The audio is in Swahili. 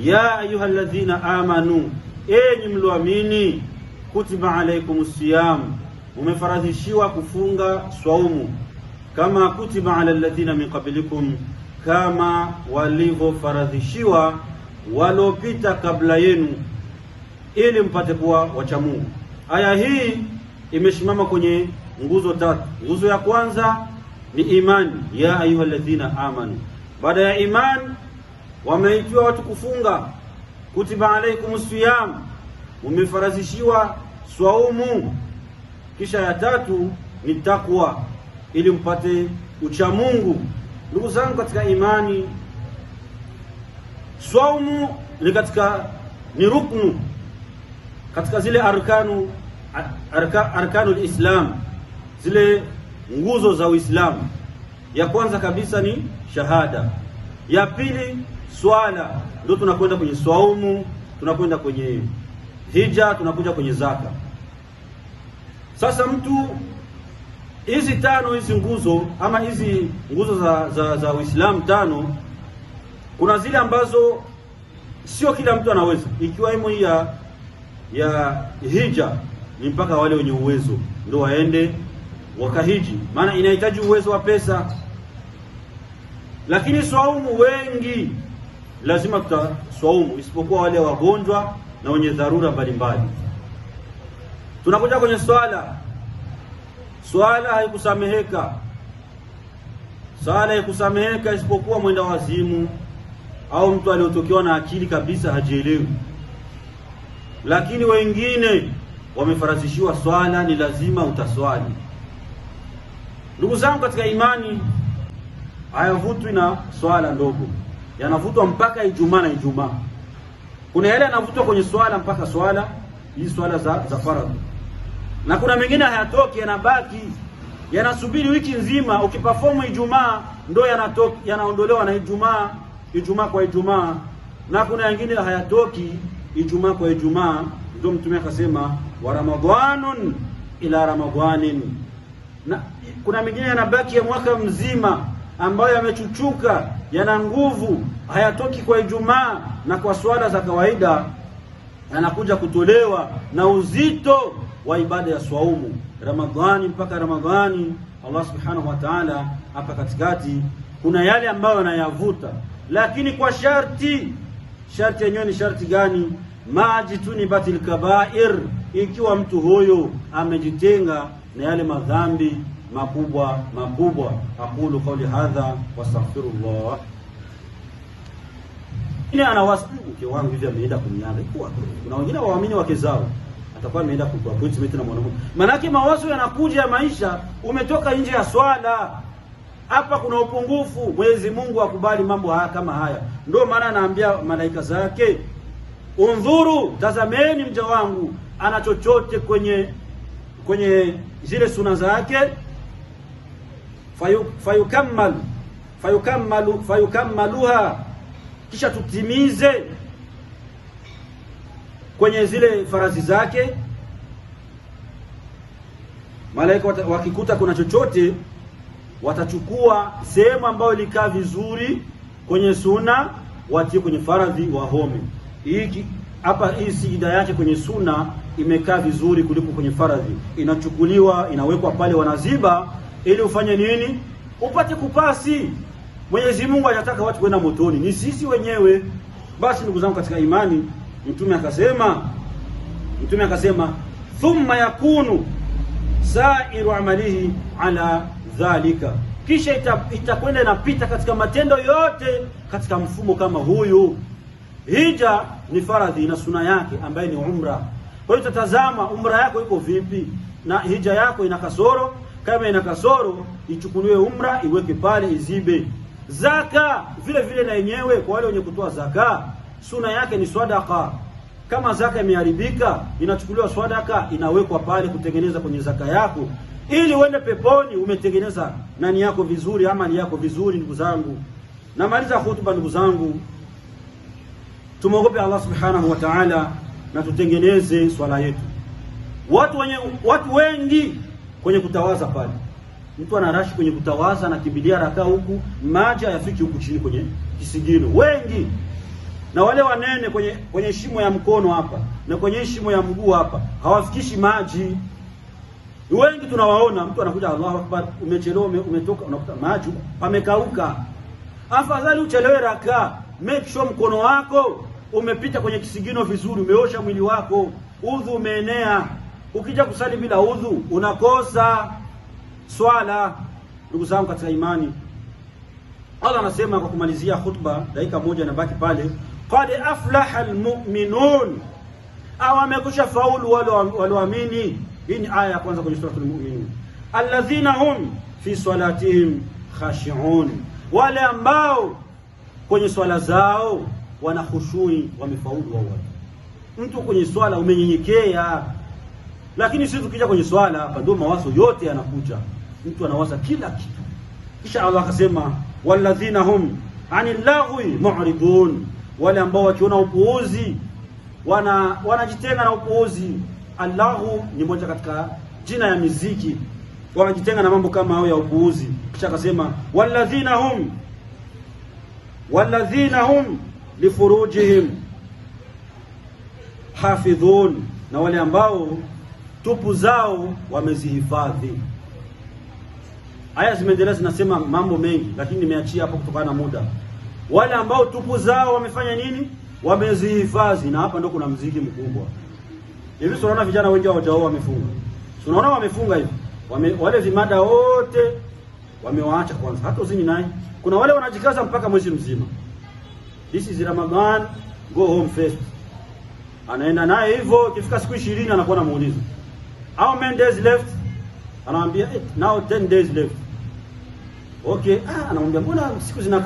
ya ayuha ladhina amanu, enyi mloamini kutiba alaikum siyamu, mumefaradhishiwa kufunga swaumu, kama kutiba ala ladhina min qablikum, kama walivyofaradhishiwa waliopita kabla yenu, ili mpate kuwa wacha Aya hii imesimama kwenye nguzo tatu. Nguzo ya kwanza ni imani, ya ayuha ladhina amanu. Baada ya imani wameitiwa watu kufunga, kutiba alaikum siyam, umefarazishiwa swaumu. Kisha ya tatu ni takwa, ili mpate ucha Mungu. Ndugu zangu katika imani, swaumu ni katika ni ruknu katika zile arkanu arka, arkanu lislam zile nguzo za Uislamu. Ya kwanza kabisa ni shahada, ya pili swala, ndio tunakwenda kwenye swaumu, tunakwenda kwenye hija, tunakuja kwenye zaka. Sasa mtu hizi tano hizi nguzo ama hizi nguzo za za, za Uislamu tano, kuna zile ambazo sio kila mtu anaweza, ikiwa hii ya ya hija ni mpaka wale wenye uwezo ndio waende wakahiji, maana inahitaji uwezo wa pesa. Lakini swaumu wengi lazima tutaswaumu isipokuwa wale wagonjwa na wenye dharura mbalimbali. Tunakuja kwenye swala. Swala haikusameheka, swala haikusameheka isipokuwa mwenda wazimu au mtu aliyotokewa na akili kabisa, hajielewi. Lakini wengine wamefarazishiwa swala, ni lazima utaswali. Ndugu zangu katika imani, hayavutwi na swala ndogo yanavutwa mpaka Ijumaa na Ijumaa. Kuna yale yanavutwa kwenye swala mpaka swala hii swala za, za faradhi, na kuna mengine hayatoki, yanabaki yanasubiri wiki nzima. Ukiperform Ijumaa ndo yanatoka, yanaondolewa na Ijumaa, Ijumaa kwa Ijumaa, na kuna yengine hayatoki Ijumaa kwa Ijumaa. Ndio Mtume akasema wa ramadhanun ila ramadhanin, na kuna mengine yanabaki ya mwaka mzima ambayo yamechuchuka, yana nguvu, hayatoki kwa Ijumaa na kwa swala za kawaida, yanakuja kutolewa na uzito wa ibada ya swaumu Ramadhani mpaka Ramadhani. Allah subhanahu wa ta'ala, hapa katikati kuna yale ambayo yanayavuta, lakini kwa sharti. Sharti yenyewe ni sharti gani? maji tu batil kabair, ikiwa mtu huyo amejitenga na yale madhambi makubwa makubwa. Aqulu qawli hadha wastaghfirullah. Ni ana wasa mke wangu hivi ameenda kunyaga kwa kuna wengine waamini wake zao atakuwa ameenda kwa appointment na mwanamke, manake mawazo yanakuja ya maisha, umetoka nje ya swala hapa kuna upungufu. Mwenyezi Mungu akubali mambo haya kama haya. Ndio maana anaambia malaika zake, undhuru, tazameni mja wangu ana chochote kwenye kwenye zile suna zake fayukammalu fayukammalu fayukammaluha, kisha tutimize kwenye zile faradhi zake. Malaika wakikuta kuna chochote, watachukua sehemu ambayo ilikaa vizuri kwenye suna, watie kwenye faradhi, wahome. Hii hapa, hii sijida yake kwenye suna imekaa vizuri kuliko kwenye faradhi, inachukuliwa inawekwa pale, wanaziba ili ufanye nini? Upate kupasi. Mwenyezi Mungu anataka watu kwenda motoni, ni sisi wenyewe. Basi ndugu zangu katika imani, mtume akasema, mtume akasema thumma yakunu sairu amalihi ala dhalika, kisha itakwenda ita inapita katika matendo yote katika mfumo kama huyu. Hija ni faradhi na suna yake ambaye ni umra. Kwa hiyo utatazama umra yako iko vipi na hija yako ina kasoro kama ina kasoro ichukuliwe umra iweke pale izibe. Zaka vile vile na yenyewe kwa wale wenye kutoa zaka, suna yake ni swadaka. Kama zaka imeharibika, inachukuliwa swadaka, inawekwa pale kutengeneza kwenye zaka yako, ili uende peponi umetengeneza nani yako vizuri, ni yako vizuri. Ndugu zangu, namaliza hutuba. Ndugu zangu, tumwogope Allah subhanahu wa ta'ala na tutengeneze swala yetu. Watu wenye watu wengi kwenye kutawaza pale, mtu anarashi kwenye kutawaza, na anakimbilia raka huku, maji hayafiki huku chini kwenye kisigino wengi, na wale wanene kwenye kwenye shimo ya mkono hapa na kwenye shimo ya mguu hapa hawafikishi maji. Wengi tunawaona, mtu anakuja, Allahu Akbar, umechelewa, ume, umetoka, unakuta maji pamekauka. Afadhali uchelewe raka, make sure mkono wako umepita kwenye kisigino vizuri, umeosha mwili wako, udhu umeenea. Ukija kusali bila udhu unakosa swala. Ndugu zangu katika imani, Allah anasema kwa kumalizia khutba, dakika moja inabaki pale, qad aflaha almu'minun, au amekusha faulu wale walioamini. Hii ni aya ya kwanza kwenye suratul Mu'minun, alladhina hum fi salatihim khashi'un, wale ambao kwenye swala zao wanahushui, wamefaulu wao. Mtu kwenye swala umenyenyekea lakini sisi tukija kwenye swala hapa ndio mawazo yote yanakuja, mtu anawaza kila kitu. Kisha Allah akasema, walladhina hum anil lagwi mu'ridun, wale ambao wakiona upuuzi wana wanajitenga na upuuzi. Allahu ni moja katika jina ya miziki, wanajitenga na mambo kama hayo ya upuuzi. Kisha akasema walladhina hum walladhina hum lifurujihim hafidhun, na wale ambao tupu zao wamezihifadhi. Aya zimeendelea zinasema mambo mengi, lakini nimeachia hapo kutokana na muda. Wale ambao tupu zao wamefanya nini? Wamezihifadhi. Na hapa ndo kuna mziki mkubwa. Hivi tunaona vijana wengi hawajao wamefunga, tunaona wamefunga hivi wame, wale vimada wote wamewaacha kwanza, hata uzini naye. Kuna wale wanajikaza mpaka mwezi mzima, this is Ramadan go home first, anaenda naye hivyo, ikifika siku ishirini anakuwa namuuliza How many days left? And I'm Anaambia now 10 days left. Okay, ah, I'm going to zina